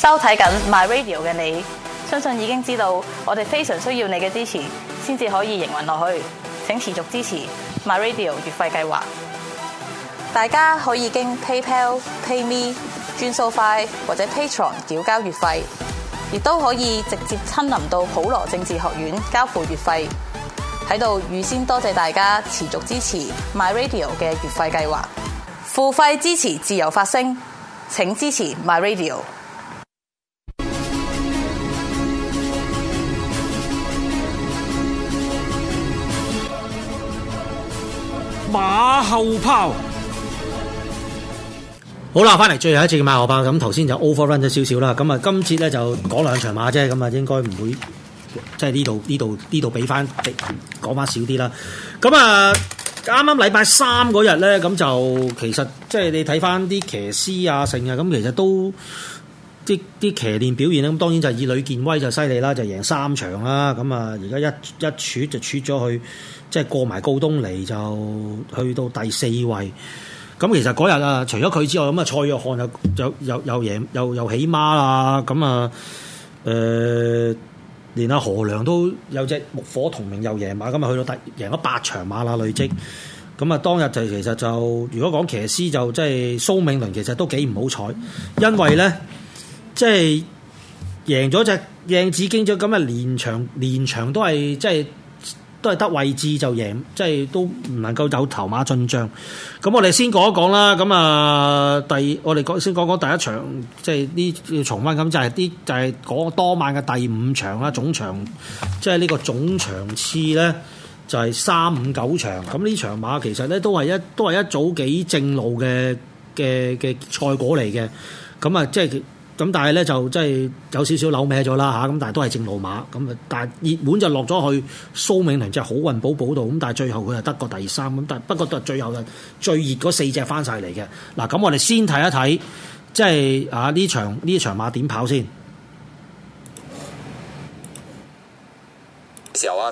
收睇緊 My Radio 嘅你，相信已經知道我哋非常需要你嘅支持，先至可以營運落去。請持續支持 My Radio 月費計劃。大家可以經 PayPal、PayMe、轉數快或者 Patreon 繳交月費，亦都可以直接親臨到普羅政治學院交付月費。喺度預先多謝大家持續支持 My Radio 嘅月費計劃。付費支持自由發聲，請支持 My Radio。馬後炮，好啦，翻嚟最後一次嘅馬後炮。咁頭先就 overrun 咗少少啦。咁啊，今次咧就講兩場馬啫。咁啊，應該唔會，即係呢度呢度呢度俾翻，講翻少啲啦。咁啊，啱啱禮拜三嗰日咧，咁就其實即係你睇翻啲騎師啊，剩啊，咁其實都啲啲騎練表現。咁當然就以呂健威就犀利啦，就贏三場啦。咁啊，而家一一出就出咗去。即係過埋高東尼就去到第四位，咁其實嗰日啊，除咗佢之外，咁啊蔡約翰又又又又贏又又起孖啦，咁啊，誒、呃、連阿何良都有隻木火同名又贏馬，咁啊去到第贏咗八場馬啦累積，咁啊當日就其實就如果講騎師就即係蘇銘倫其實都幾唔好彩，因為咧即係贏咗隻應子經獎，咁啊連場連場都係即係。都係得位置就贏，即係都唔能夠有頭馬進帳。咁我哋先講一講啦。咁啊，第我哋講先講講第一場，即係呢要重翻咁就係啲就係嗰多晚嘅第五場啦。總場即係呢個總場次咧，就係三五九場。咁呢場馬其實咧都係一都係一早幾正路嘅嘅嘅賽果嚟嘅。咁啊，即係。咁但係咧就即係有少少扭歪咗啦嚇，咁但係都係正路馬，咁啊但係熱門就落咗去蘇永良即係好運寶寶度，咁但係最後佢係得個第三，咁但係不過都係最後就最熱嗰四隻翻晒嚟嘅。嗱，咁我哋先睇一睇，即係啊呢場呢場馬點跑先。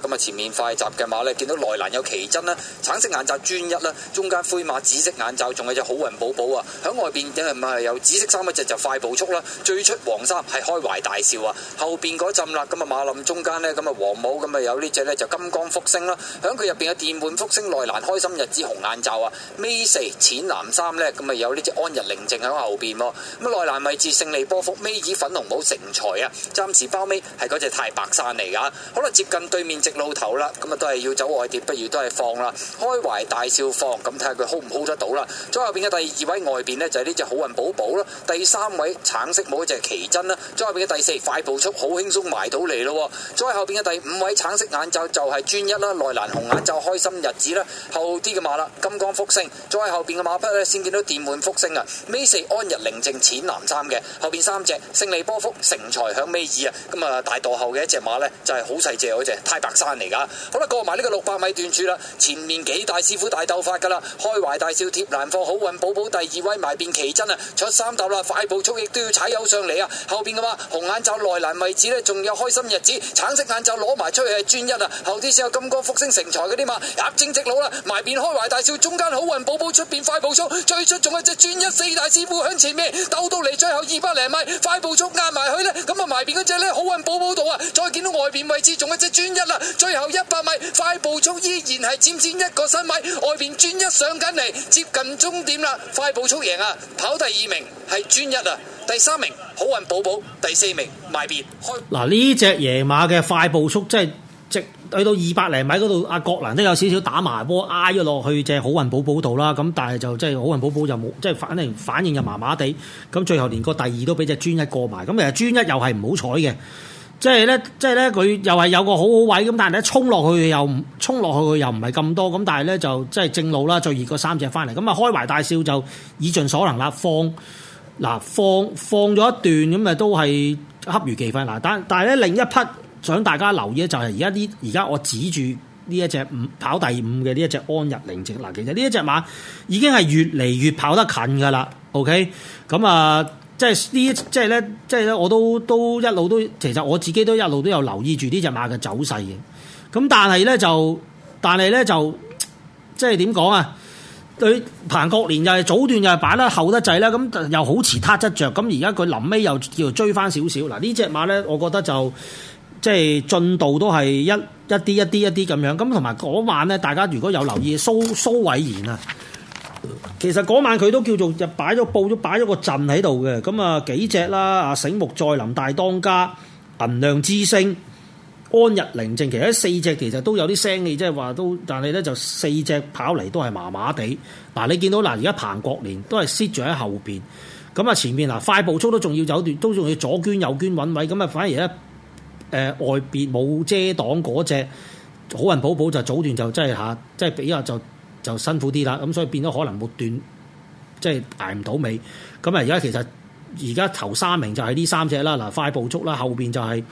咁啊！前面快閘嘅馬咧，見到內欄有奇珍啦，橙色眼罩專一啦，中間灰馬紫色眼罩，仲有隻好運寶寶啊！喺外邊，因為唔係有紫色衫一隻就快步速啦，最出黃衫係開懷大笑啊！後邊嗰陣啦，咁啊馬冧中間呢，咁啊黃帽咁啊有呢隻呢就金光福星啦！喺佢入邊有電滿福星內欄開心日子紅眼罩啊！尾四淺藍衫呢，咁啊有呢隻安逸寧靜喺後邊喎。咁啊內欄咪至勝利波幅尾二粉紅帽成才啊！暫時包尾係嗰隻太白山嚟噶，好啦，接近對面。食路頭啦，咁啊都係要走外碟，不如都係放啦，開懷大笑放，咁睇下佢 hold 唔 hold 得到啦。再後邊嘅第二位外邊呢，就係呢隻好運寶寶啦，第三位橙色帽就係奇珍啦，再後邊嘅第四快步速，好輕鬆埋到嚟咯，再後邊嘅第五位橙色眼罩就係專一啦，內欄紅眼罩開心日子啦，後啲嘅馬啦金剛福星，再後邊嘅馬匹呢，先見到電滿福星啊，尾四安日寧靜淺藍衫嘅後邊三隻勝利波福成才響尾二啊，咁啊大墮後嘅一隻馬呢，就係好細隻嗰隻太白。嚟噶，好啦，過埋呢個六百米段處啦，前面幾大師傅大鬥法噶啦，開懷大笑，貼欄貨好運寶寶第二位埋便奇珍啊，出三疊啦，快步速亦都要踩油上嚟啊，後邊嘅話紅眼罩內欄位置呢，仲有開心日子，橙色眼罩攞埋出去係專一啊，後啲先有金光復星成才嗰啲嘛，壓正直路啦，埋便開懷大笑，中間好運寶寶出邊快步速最出，仲係隻專一四大師傅向前面鬥到嚟，最後二百零米快步速壓埋去呢。咁啊埋便嗰隻呢？好運寶寶度啊，再見到外邊位置仲係隻專一,一、啊。最後一百米快步速依然係尖尖一個身位，外邊專一上緊嚟，接近終點啦！快步速贏啊，跑第二名係專一啊，第三名好運寶寶，第四名埋別開。嗱呢隻野馬嘅快步速即係直去到二百零米嗰度，阿國蘭都有少少打埋波挨咗落去隻、就是、好運寶寶度啦。咁但係就即係、就是、好運寶寶就冇，即係反正反應就麻麻地。咁最後連個第二都俾隻專一過埋，咁其實專一又係唔好彩嘅。即係咧，即係咧，佢又係有個好好位咁，但係咧衝落去又唔衝落去，又唔係咁多咁，但係咧就即係正路啦，最熱個三隻翻嚟。咁啊開懷大笑就以盡所能啦，放嗱放放咗一段咁啊都係恰如其分嗱，但但係咧另一匹想大家留意咧，就係而家呢而家我指住呢一隻五跑第五嘅呢一隻安日靈直嗱，其實呢一隻馬已經係越嚟越跑得近噶啦，OK 咁啊。即係呢，即係咧，即係咧，我都都一路都，其實我自己都一路都有留意住呢隻馬嘅走勢嘅。咁但係咧就，但係咧就，即係點講啊？對彭國年又係早段又係擺得厚得滯啦，咁又好似他執着。咁而家佢臨尾又叫追翻少少。嗱，呢隻馬咧，我覺得就即係進度都係一一啲一啲一啲咁樣。咁同埋嗰晚咧，大家如果有留意蘇蘇，蘇偉賢啊。其實嗰晚佢都叫做就擺咗布咗擺咗個陣喺度嘅，咁、嗯、啊幾隻啦，啊醒目再臨大當家、銀亮之星、安日寧靜，其實四隻其實都有啲聲氣，即係話都，但係咧就四隻跑嚟都係麻麻地。嗱、啊，你見到嗱，而家彭國年都係 sit 住喺後邊，咁、嗯、啊前面嗱、啊、快步速都仲要走斷，都仲要左捐右捐揾位，咁、嗯、啊反而咧誒、呃、外邊冇遮擋嗰隻好運寶寶就早段就真係吓，即、啊、係比啊就。就辛苦啲啦，咁所以變咗可能末段，即係捱唔到尾。咁啊，而家其實而家頭三名就係呢三隻啦，嗱，快步足啦，後邊就係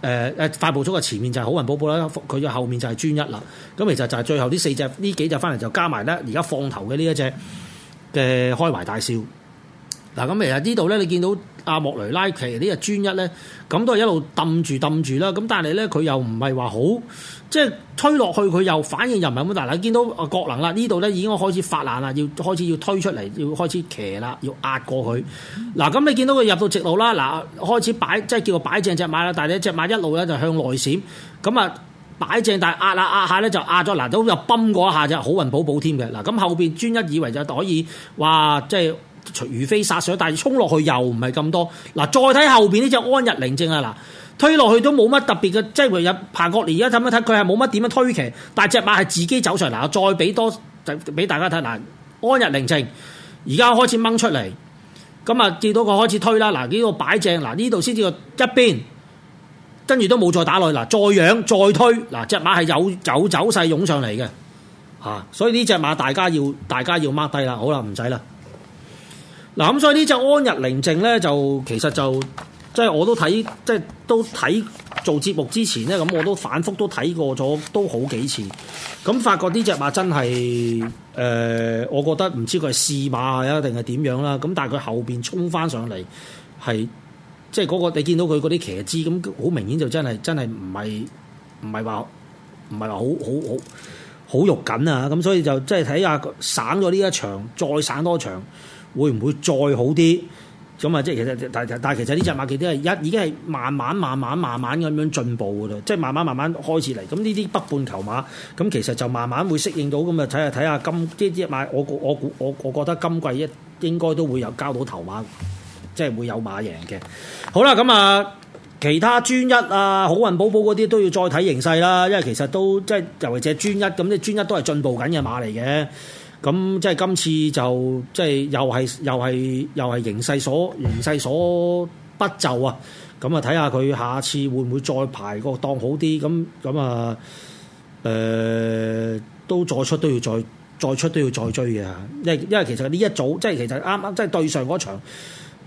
誒誒快步足嘅前面就係好運寶寶啦，佢嘅後面就係專一啦。咁其實就係最後呢四隻呢幾隻翻嚟就加埋咧，而家放頭嘅呢一隻嘅開懷大笑。嗱，咁其實呢度咧，你見到阿莫雷拉騎呢個專一咧，咁都係一路揼住揼住啦。咁但係咧，佢又唔係話好，即係推落去佢又反應又唔係咁大。嗱，你見到阿郭能啦，呢度咧已經開始發難啦，要開始要推出嚟，要開始騎啦，要壓過佢。嗱、嗯，咁、啊、你見到佢入到直路啦，嗱，開始擺，即係叫做擺正隻馬啦。但係你隻馬一路咧就向內閃，咁啊擺正，但係壓，壓下壓下咧就壓咗，嗱都又崩過一下就好運寶寶添嘅。嗱，咁後邊專一以為就可以，哇，即係～除如飛殺水，但係衝落去又唔係咁多。嗱，再睇後邊呢隻安日寧靜啊！嗱，推落去都冇乜特別嘅，即係唯有彭國年而家睇一睇，佢係冇乜點樣推騎，但係隻馬係自己走上來。嗱，再俾多，就俾大家睇嗱，安日寧靜而家開始掹出嚟，咁啊見到佢開始推啦。嗱，呢個擺正，嗱，呢度先至一邊，跟住都冇再打落去。嗱，再養再推，嗱，隻馬係有有走勢湧上嚟嘅嚇，所以呢隻馬大家要大家要 mark 低啦。好啦，唔使啦。嗱，咁、嗯、所以呢隻安日寧靜咧，就其實就即係我都睇，即係都睇做節目之前咧，咁我都反覆都睇過咗，都好幾次。咁、嗯、發覺呢隻馬真係誒、呃，我覺得唔知佢係試馬啊，定係點樣啦？咁但係佢後邊衝翻上嚟，係即係嗰、那個你見到佢嗰啲騎姿，咁、嗯、好明顯就真係真係唔係唔係話唔係話好好好好肉緊啊！咁、嗯、所以就即係睇下散咗呢一場，再散多場。會唔會再好啲？咁啊，即係其實，但但係其實呢隻馬其都係一已經係慢慢慢慢慢慢咁樣進步噶啦，即係慢慢慢慢開始嚟。咁呢啲北半球馬，咁其實就慢慢會適應到。咁啊，睇下睇下今即即係買我我我我覺得今季一應該都會有交到頭馬，即係會有馬贏嘅。好啦，咁啊，其他專一啊，好運寶寶嗰啲都要再睇形勢啦。因為其實都即係尤其是專一咁，即係專一都係進步緊嘅馬嚟嘅。咁即係今次就即係又係又係又係形勢所形勢所不就啊！咁啊睇下佢下次會唔會再排個檔好啲？咁咁啊誒都再出都要再再出都要再追嘅，因為其實呢一組即係其實啱啱即係對上嗰場，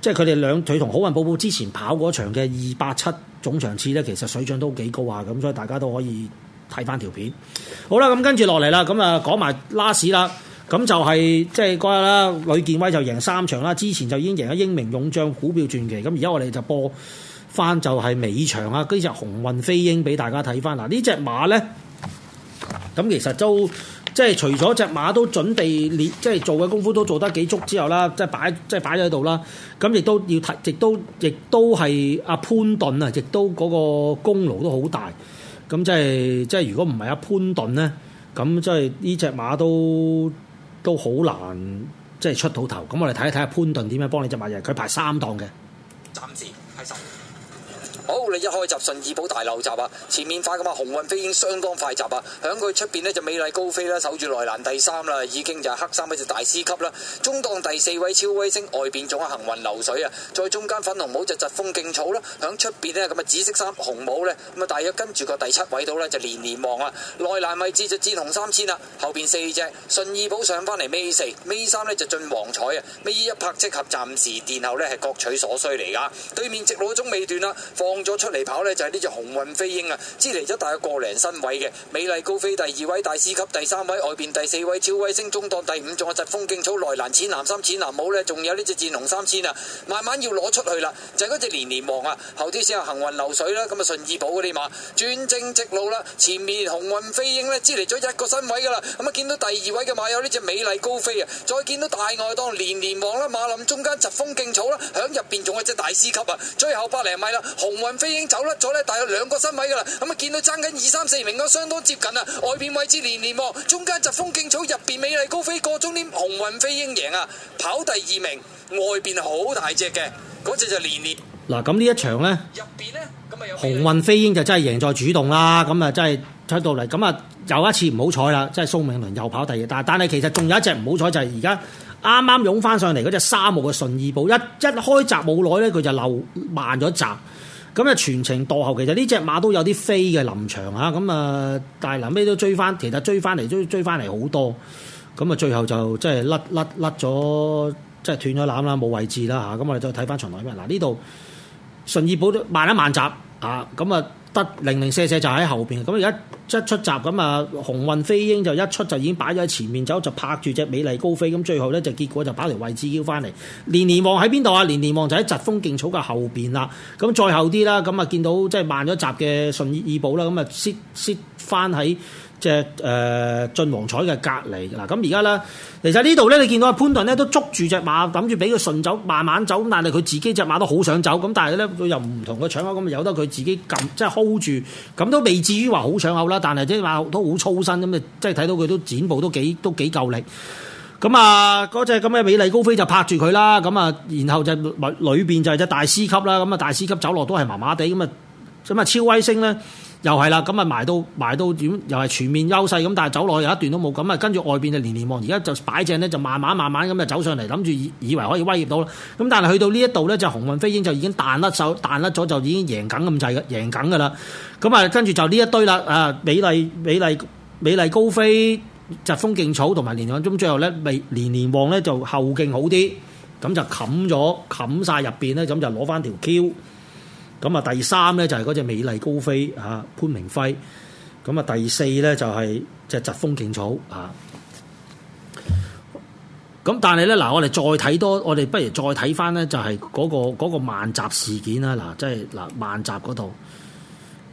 即係佢哋兩佢同好運寶寶之前跑嗰場嘅二百七總場次呢，其實水準都幾高啊！咁所以大家都可以睇返條片。好啦，咁跟住落嚟啦，咁啊講埋拉屎啦。咁就係即係嗰日啦，呂健威就贏三場啦。之前就已經贏咗英明勇將、股票傳奇。咁而家我哋就播翻就係尾場啊，跟住紅運飛鷹俾大家睇翻嗱。隻呢隻馬咧，咁其實都即係除咗隻馬都準備列，即係做嘅功夫都做得幾足之後啦，即係擺即係擺咗喺度啦。咁亦都要睇，亦都亦都係阿、啊、潘頓啊，亦都嗰個功勞都好大。咁、即係、即係即係如果唔係阿潘頓咧，咁即係呢隻馬都。都好難即係出到頭，咁我哋睇一睇下潘頓點樣幫你隻馬贏。佢排三檔嘅。暫時。好，你一開閘順義寶大漏閘啊，前面快咁啊鴻運飛鷹相當快閘啊，響佢出邊呢，就美麗高飛啦，守住內欄第三啦，已經就係黑衫位就大師級啦，中檔第四位超威星，外邊仲有行雲流水啊，再中間粉紅帽就疾風勁草啦，響出邊呢，咁啊紫色衫紅帽呢。咁啊大約跟住個第七位到呢，就連連望啊，內欄咪就戰紅三千啦，後邊四隻順義寶上翻嚟尾四尾三呢，就進黃彩啊，尾一拍即合，暫時殿後呢，係各取所需嚟噶，對面直路中尾段啦放咗出嚟跑呢，就係呢隻鴻運飛鷹啊！支離咗大約個零身位嘅美麗高飛，第二位大師級，第三位外邊第四位，超威星中檔第五，仲有疾風勁草內欄淺藍三淺藍帽呢，仲有呢隻戰龍三千啊！慢慢要攞出去啦，就係嗰隻連連王啊！後天先係行雲流水啦，咁啊順意寶嗰啲馬轉正直路啦，前面鴻運飛鷹呢，支離咗一個身位噶啦，咁啊見到第二位嘅馬有呢隻美麗高飛啊，再見到大外檔連連王啦，馬林中間疾風勁草啦，響入邊仲有隻大師級啊，最後百零米啦，紅。雲飛鷹走甩咗咧，大約兩個身位噶啦。咁啊，見到爭緊二三四名，都相當接近啊。外邊位置連連望，中間疾風勁草，入邊美麗高飛過，中點紅運飛鷹贏啊，跑第二名。外邊好大隻嘅，嗰隻就連連嗱。咁呢一場咧，入邊咧，紅運飛鷹就真係贏在主動啦。咁啊，真係出到嚟咁啊，有一次唔好彩啦，即係蘇明倫又跑第二，但但係其實仲有一隻唔好彩就係而家啱啱湧翻上嚟嗰隻沙漠嘅順意寶，一一開閘冇耐咧，佢就漏慢咗一閘。咁啊，全程墮後，其實呢隻馬都有啲飛嘅臨場嚇，咁啊，但係臨尾都追翻，其實追翻嚟，追追翻嚟好多，咁啊，最後就即係甩甩甩咗，即係斷咗纜啦，冇位置啦嚇，咁我哋再睇翻場內咩？嗱呢度順義寶慢一慢閘啊，咁啊。得零零舍舍就喺後邊，咁而家一出閘咁啊，鴻運飛鷹就一出就已經擺咗喺前面走，就拍住隻美麗高飛，咁最後咧就結果就擺條位置腰翻嚟。年年旺喺邊度啊？年年旺就喺疾風勁草嘅後邊啦，咁再後啲啦，咁啊見到即係慢咗閘嘅順義寶啦，咁啊蝕蝕翻喺。隻誒進皇彩嘅隔離嗱，咁而家咧，其實呢度咧，你見到阿潘頓咧都捉住隻馬，諗住俾佢順走，慢慢走，但係佢自己隻馬都好想走，咁但係咧，佢又唔同佢搶口，咁由得佢自己撳，即係 hold 住，咁都未至於話好搶口啦。但係啲馬都好粗身咁，即係睇到佢都展步都幾都幾夠力。咁啊，嗰隻咁嘅美麗高飛就拍住佢啦。咁啊，然後就裏邊就係隻大師級啦。咁啊，大師級走落都係麻麻地咁啊，咁啊超威星咧。又係啦，咁啊埋到埋到點？又係全面優勢咁，但係走落去有一段都冇咁啊。跟住外邊就連連望，而家就擺正咧，就慢慢慢慢咁就走上嚟，諗住以以為可以威脅到啦。咁但係去到呢一度咧，就鴻運飛鷹就已經彈甩手，彈甩咗就已經贏梗咁滯嘅，贏梗㗎啦。咁啊，跟住就呢一堆啦，啊美麗美麗美麗高飛疾風勁草同埋連連中，最後咧未連連旺咧就後勁好啲，咁就冚咗冚晒入邊咧，咁就攞翻條 Q。咁啊，第三咧就係嗰隻美麗高飛啊，潘明輝。咁啊，第四咧就係隻疾風勁草啊。咁但係咧嗱，我哋再睇多，我哋不如再睇翻咧，就係嗰個嗰萬閘事件啦。嗱，即係嗱，萬閘嗰度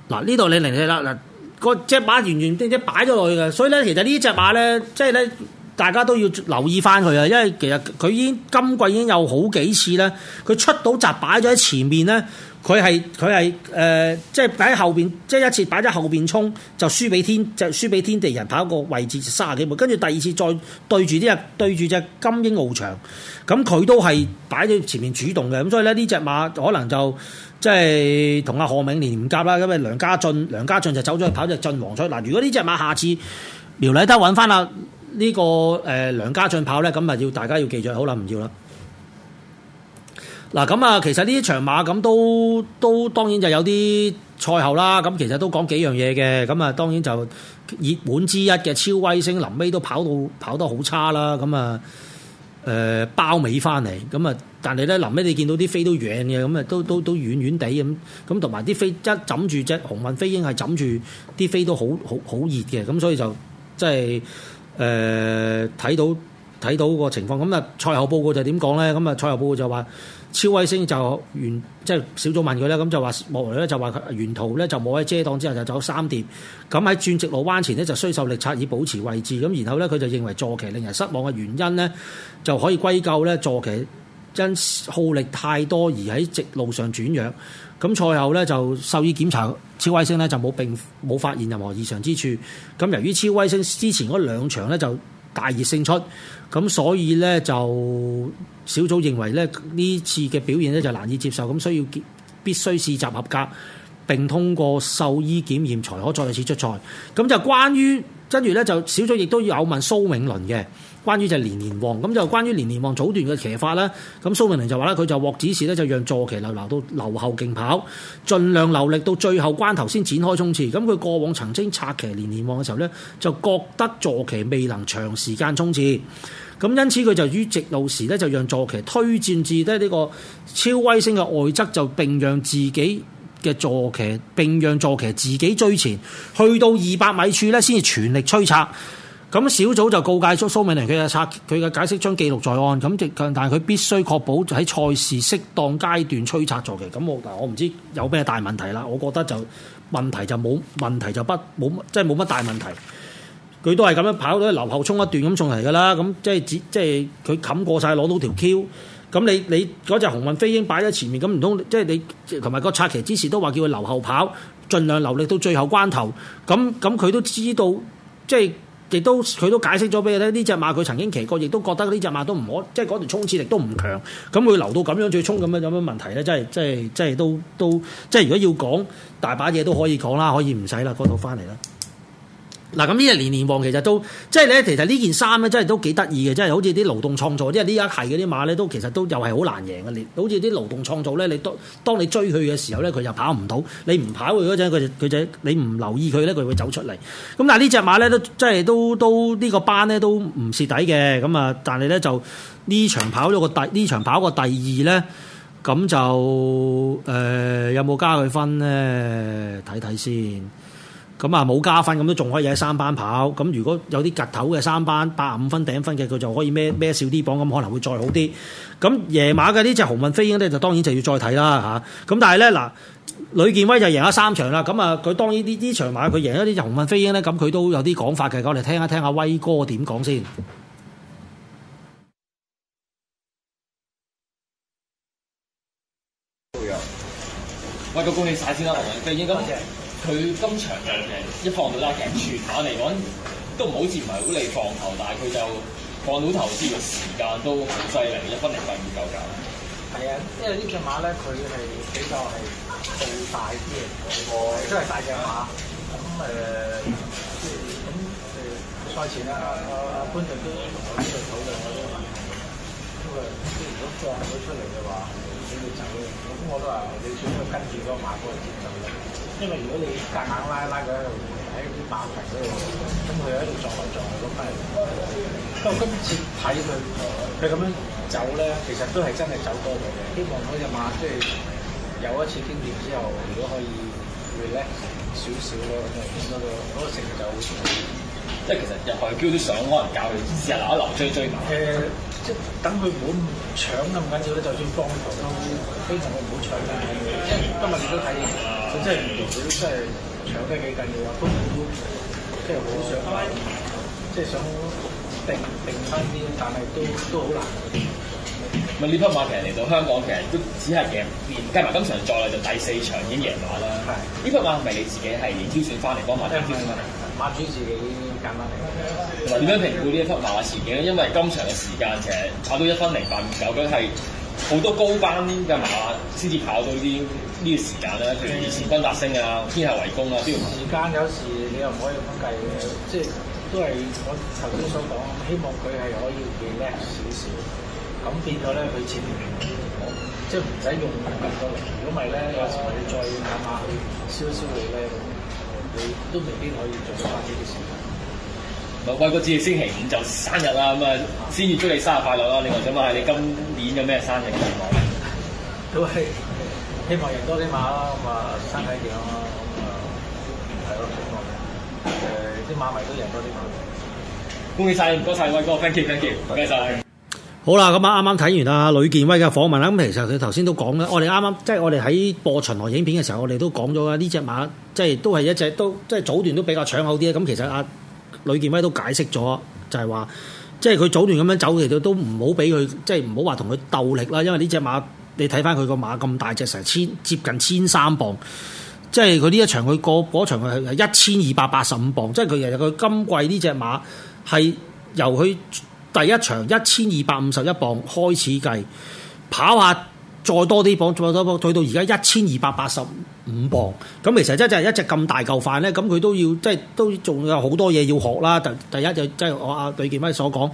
嗱，呢度你嚟舍啦嗱，個即係完完全全擺咗落去嘅。所以咧，其實呢隻馬咧，即係咧，大家都要留意翻佢啊，因為其實佢已經今季已經有好幾次咧，佢出到閘擺咗喺前面咧。佢係佢係誒，即係擺喺後邊，即係一次擺喺後邊衝就輸俾天，就輸俾天地人跑個位置卅幾步，跟住第二次再對住呢隻對住隻金鷹翱翔，咁佢都係擺喺前面主動嘅，咁所以咧呢隻馬可能就即係同阿賀銘年唔夾啦，因為梁家俊梁家俊就走咗去跑隻進皇出，嗱如果呢隻馬下次苗禮德揾翻阿呢個誒梁家俊跑咧，咁咪要大家要記住好啦，唔要啦。嗱咁啊，其實呢場馬咁都都當然就有啲賽後啦。咁其實都講幾樣嘢嘅。咁啊，當然就熱門之一嘅超威星臨尾都跑到跑得好差啦。咁啊，誒、呃、包尾翻嚟。咁啊，但係咧臨尾你見到啲飛,飛,飛,飛都遠嘅，咁啊都都都遠遠地咁。咁同埋啲飛一枕住隻，鴻運飛鷹係枕住啲飛都好好好熱嘅。咁所以就即係誒睇到睇到個情況。咁啊賽後報告就點講咧？咁啊賽後報告就話。超威星就原即係、就是、小組問佢咧，咁就話莫雷咧就話沿途咧就冇喺遮擋之後就走三碟。咁喺轉直路彎前咧就需受力擦以保持位置，咁然後咧佢就認為坐騎令人失望嘅原因咧就可以歸咎咧坐騎因耗力太多而喺直路上轉弱，咁賽後咧就獸醫檢查，超威星咧就冇並冇發現任何異常之處，咁由於超威星之前嗰兩場咧就。大熱勝出，咁所以呢，就小組認為呢呢次嘅表現呢就難以接受，咁需要必必須試閘合格並通過獸醫檢驗才可再次出賽。咁就關於跟住呢，就小組亦都要有問蘇永倫嘅。關於就係連連王，咁就關於連連王早段嘅騎法啦。咁蘇明玲就話咧，佢就獲指示咧，就讓座騎留留到留後競跑，盡量留力到最後關頭先展開衝刺。咁佢過往曾經策騎連連王嘅時候咧，就覺得座騎未能長時間衝刺，咁因此佢就於直路時咧，就讓座騎推進至咧呢個超威星嘅外側，就並讓自己嘅座騎並讓座騎自己追前，去到二百米處咧先至全力催策。咁小組就告誡蘇蘇美玲，佢嘅策佢嘅解釋將記錄在案。咁即但係佢必須確保喺賽事適當階段催策坐騎。咁我嗱我唔知有咩大問題啦。我覺得就問題就冇問題就不冇即係冇乜大問題。佢都係咁樣跑到流後衝一段咁送嚟㗎啦。咁即係即係佢冚過晒攞到條 Q。咁你你嗰隻鴻運飛鷹擺喺前面，咁唔通即係你同埋個策騎之前都話叫佢留後跑，儘量流力到最後關頭。咁咁佢都知道即係。亦都佢都解釋咗俾你聽，呢隻馬佢曾經騎過，亦都覺得呢隻馬都唔可，即係嗰段衝刺力都唔強。咁會留到咁樣再衝，咁樣有咩問題咧？即係即係即係都都即係如果要講大把嘢都可以講啦，可以唔使啦，嗰度翻嚟啦。嗱咁呢隻年年旺其實都即係咧，其實呢件衫咧，真係都幾得意嘅，即係好似啲勞動創造，即係呢一係嗰啲馬咧，都其實都又係好難贏嘅。你好似啲勞動創造咧，你當當你追佢嘅時候咧，佢就跑唔到；你唔跑佢嗰陣，佢就佢就你唔留意佢咧，佢會走出嚟。咁但係呢隻馬咧，都即係都都呢個班咧，都唔蝕底嘅。咁啊，但係咧就呢場跑咗個第，呢場跑個第二咧，咁就誒、呃、有冇加佢分咧？睇睇先。咁啊冇加分，咁都仲可以喺三班跑。咁如果有啲趷頭嘅三班八五分頂分嘅，佢就可以孭孭少啲榜，咁可能會再好啲。咁夜馬嘅呢隻鴻運飛鷹咧，就當然就要再睇啦嚇。咁但係咧嗱，呂健威就贏咗三場啦。咁啊，佢當然呢呢場馬佢贏咗呢隻鴻運飛鷹咧，咁佢都有啲講法嘅。我哋聽一聽阿威哥點講先。喂，威哥恭喜曬先啦，飛鷹咁。佢今場嘅一放到啦，其實全馬嚟講都唔好似唔係好利放頭，但係佢就放到頭先嘅時間都好犀利，一分零八五九九。係啊、嗯，因為呢隻馬咧，佢係比較係大啲嚟講，即係、哦、大隻馬。咁誒、嗯，即係咁誒，賽前、嗯嗯嗯嗯、啊阿啊潘就都同我呢度討論過呢個問題，因為如果放佢出嚟嘅話。你要走，咁、 嗯、我都話你主要跟住嗰馬股嚟節奏嘅，因為如果你夾硬，硬拉拉佢喺度，喺啲馬群嗰度，咁佢喺度撞嚟撞去，咁嚟。不、嗯、過今次睇佢佢咁樣走咧，其實都係真係走過度嘅。希望嗰隻馬即係有一次經驗之後，如果可以點點，那個、會咧少少咯，咁啊變多個嗰個成就。即係其實入台叫啲相，可能教佢試下攞一攞追追埋。誒，即係等佢唔好搶咁緊要咧，就算放投的都希望佢唔好搶緊嘅。即係今日你都睇，即係唔佢都真係搶得幾緊要啊！不過都即係好想，即係想定定翻啲，但係都都好難。唔係呢匹馬其實嚟到香港其實都只係贏，連計埋今場再就第四場已經贏馬啦。係呢匹馬係咪你自己係挑選翻嚟的幫馬主挑選？馬主自己。同埋點樣評估呢一匹馬前景咧？因為今場嘅時間其實跑到一分零八秒，佢係好多高班嘅馬先至跑到呢啲呢個時間啦。譬如以前君達星啊、天下為公啊，都要時間。有時你又唔可以咁計嘅，即係都係我頭先所講，希望佢係可以變叻少少，咁變咗咧佢前面平啲，即係唔使用咁多力。如果唔係咧，有時我要再慢下去燒一燒力咧，你都未必可以做到翻呢啲時間。喂，哥，個子星期五就生日啦，咁啊先至祝你生日快樂啦！另外想問下你今年有咩生日願望？都係希望贏多啲馬啦，咁啊身體健康啦，咁啊係咯，希望誒啲馬迷都贏多啲馬。恭喜晒！唔該晒！威哥，thank you，thank you，多謝曬。對好啦，咁啊啱啱睇完啊呂健威嘅訪問啦，咁、嗯、其實佢頭先都講啦，我哋啱啱即係我哋喺播巡邏影片嘅時候，我哋都講咗啊，呢隻馬即係都係一隻即都，一隻都即係早段都比較搶口啲咧。咁其實啊。呂健威都解釋咗，就係話，即係佢早段咁樣走，其實都唔好俾佢，即係唔好話同佢鬥力啦。因為呢隻馬，你睇翻佢個馬咁大隻，成千接近千三磅，即係佢呢一場佢過嗰場係係一千二百八十五磅，即係佢其實佢今季呢隻馬係由佢第一場一千二百五十一磅開始計跑下。再多啲磅，再多磅，退到而家一千二百八十五磅。咁其實真就係一隻咁大嚿飯咧，咁佢都要即係都仲有好多嘢要學啦。第第一就即、是、係我阿李建威所講，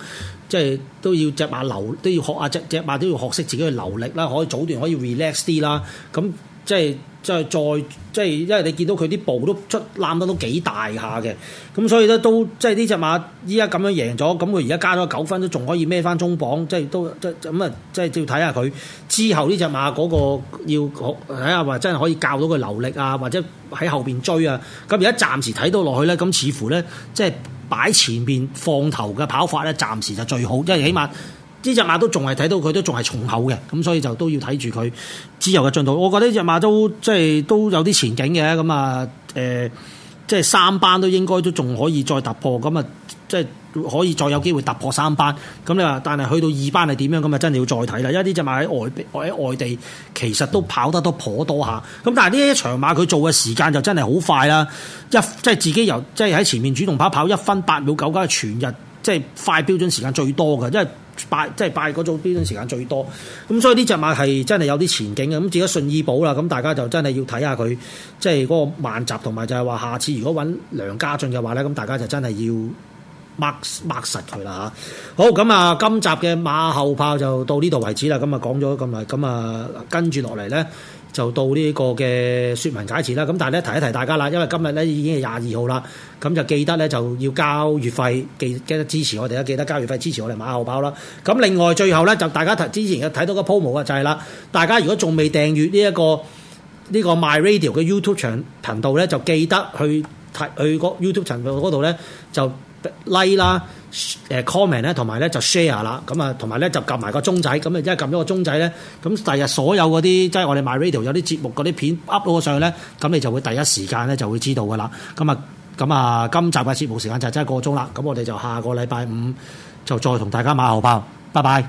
即係都要隻馬流，都要學啊隻隻馬都要學識自己嘅流力啦，可以組段，可以 relax 啲啦。咁即係。即係再即係、就是，因為你見到佢啲步都出攬得都幾大下嘅，咁所以咧都即係呢隻馬依家咁樣贏咗，咁佢而家加咗九分都仲可以孭返中磅，即係都即咁啊！即係要睇下佢之後呢隻馬嗰個要睇下話真係可以教到佢流力啊，或者喺後邊追啊。咁而家暫時睇到落去咧，咁似乎咧即係擺前邊放頭嘅跑法咧，暫時就最好，因為起碼。呢隻馬都仲係睇到佢都仲係重口嘅，咁所以就都要睇住佢自由嘅進度。我覺得呢隻馬都即係都有啲前景嘅，咁啊誒，即係三班都應該都仲可以再突破，咁啊即係可以再有機會突破三班。咁你話，但係去到二班係點樣？咁啊真係要再睇啦。因為呢隻馬喺外喺外地其實都跑得多頗多下，咁但係呢一場馬佢做嘅時間就真係好快啦，一即係自己由即係喺前面主動跑跑一分八秒九，加上全日即係快標準時間最多嘅，因為。拜即係拜嗰種邊段時間最多，咁所以呢隻馬係真係有啲前景嘅，咁自己順意寶啦，咁大家就真係要睇下佢，即係嗰個慢集，同埋就係話下次如果揾梁家俊嘅話咧，咁大家就真係要 mark mark 實佢啦嚇。好，咁啊，今集嘅馬後炮就到呢度為止啦。咁啊講咗咁耐，咁啊跟住落嚟咧。就到個說文呢個嘅說文解詞啦，咁但係咧，提一提大家啦，因為今日咧已經係廿二號啦，咁就記得咧就要交月費，記記得支持我哋啦，記得交月費支持我哋馬後砲啦。咁另外最後咧，就大家之前有睇到個 promo 啊，就係啦，大家如果仲未訂閱呢一個呢、呢個 My Radio 嘅 YouTube 長頻道咧，就記得去。去個 YouTube 頻道嗰度咧，就 like 啦、uh，誒 comment 咧，同埋咧就 share 啦，咁啊，同埋咧就撳埋個鐘仔，咁、嗯、啊，一撳咗個鐘仔咧，咁第日所有嗰啲即係我哋 MyRadio 有啲節目嗰啲片 upload 上去咧，咁、嗯、你就會第一時間咧就會知道㗎啦。咁、嗯、啊，咁、嗯、啊、嗯，今集嘅節目時間就真係一個鐘啦。咁、嗯、我哋就下個禮拜五就再同大家馬後砲。拜拜。